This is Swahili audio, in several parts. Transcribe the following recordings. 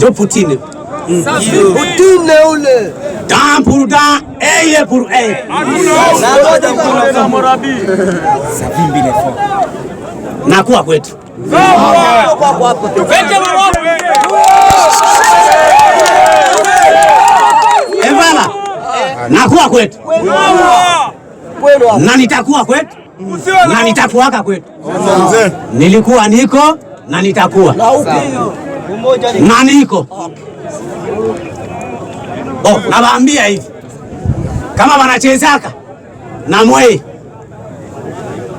जो Putin. Mm. Poutine ule. da pour da eye pour eye. Na kuwa kwetu. Evala. Eh, na kuwa kwetu. Na nitakuwa kwetu. Na nitakuwaka kwetu. Nilikuwa niko na nitakuwa nani iko oh, nawaambia hivi kama wanachezaka na mwei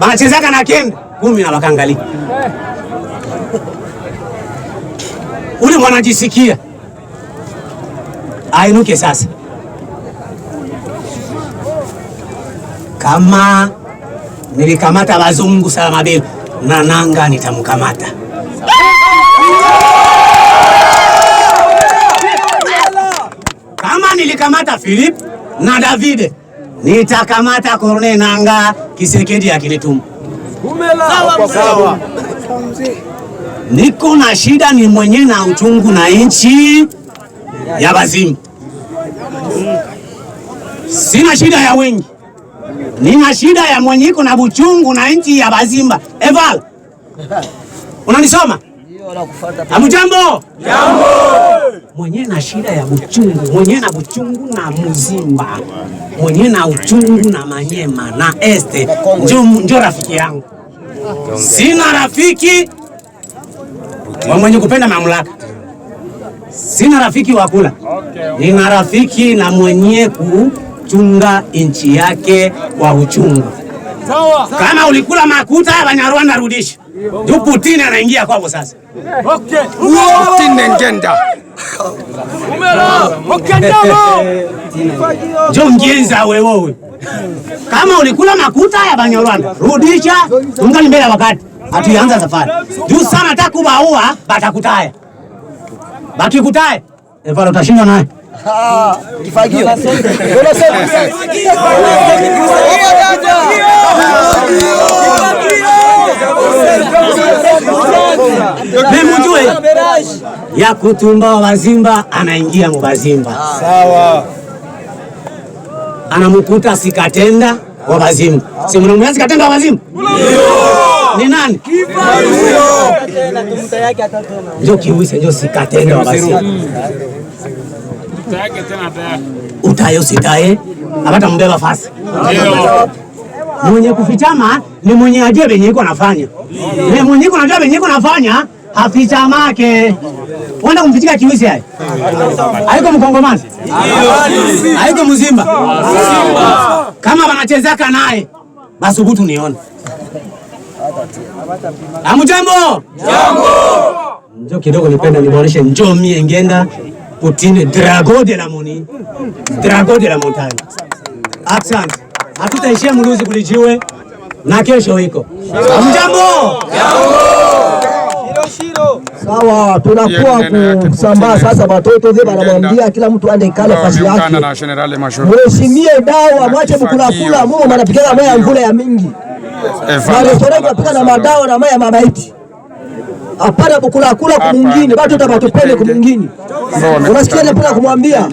wanachezaka na kenda kumi na wakangali ule mwanajisikia ainuke sasa. Kama nilikamata wazungu Salamabila na nanga nitamkamata. Nimekamata Philip na Davide, nitakamata Corne Nanga kisekedi akinituma. Niko na shida ni mwenye na uchungu na nchi ya bazimu, sina shida ya wengi, nina shida ya mwenye iko na buchungu na nchi ya bazimba. Eval, unanisoma? Amujambo, jambo mwenye na shida ya buchungu, mwenye na buchungu na muzimba, mwenye na uchungu na manyema na este, njo rafiki yangu. Sina rafiki wa mwenye kupenda mamlaka, sina rafiki wa kula, nina rafiki na mwenye kuchunga nchi yake kwa uchungu. Kama ulikula makuta ya Banyarwanda, rudisha. Ndio putini anaingia kwao sasa. Okay jo we wewowe, kama ulikula makuta ya Banyarwanda rudisha, tungali mbele wakati, hatuanza safari juu sana takubaua batakutaya batikutaya evalo tashinda naye kifagio ya wa Wazimba, anaingia Mubazimba sawa, anamkuta sikatenda wa Bazimba, si mnamwona sikatenda wa Bazimba ni nani? Ndio kiwise ndio sikatenda wa Bazimba utayo sitaye abata mbeba fasi mwenye kufichama ni mwenye ajue venye iko nafanya, mwenye iko najua venye iko nafanya Aficha make wenda kumpitika kiwisi hai, haiko mkongomani, haiko mzimba. Kama wanachezaka naye basi, hubutu niona amujambo jambo, njo kidogo nipenda niboreshe, njo mie ngenda putine drago de la moni, drago de la montagne. Asante, hatutaishia mluzi kulijiwe na kesho iko amujambo jambo hawa tunakuwa kusambaa sasa, watoto ze wanamwambia kila mtu ande kale fasi yake, mheshimie dawa mwache bukulakula mu manapikana maya mvula ya mingi marestorekapika eh, na madawa na maya mabaiti apana bukulakula kumungini batu tapatupende kumungini unasikia ile pula kumwambia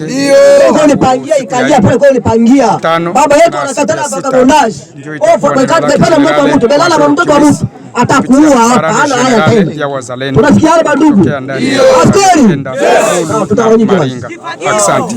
kwa nipangia ikalia pale kwa nipangia baba yetu anakatana baka bondage ofa kwa kati kana mtoto wa mtu belala mtoto wa mtu atakuua hapa. Hana haya tena. Tunasikia hapa ndugu. Askari. Tutawanyika. Asante.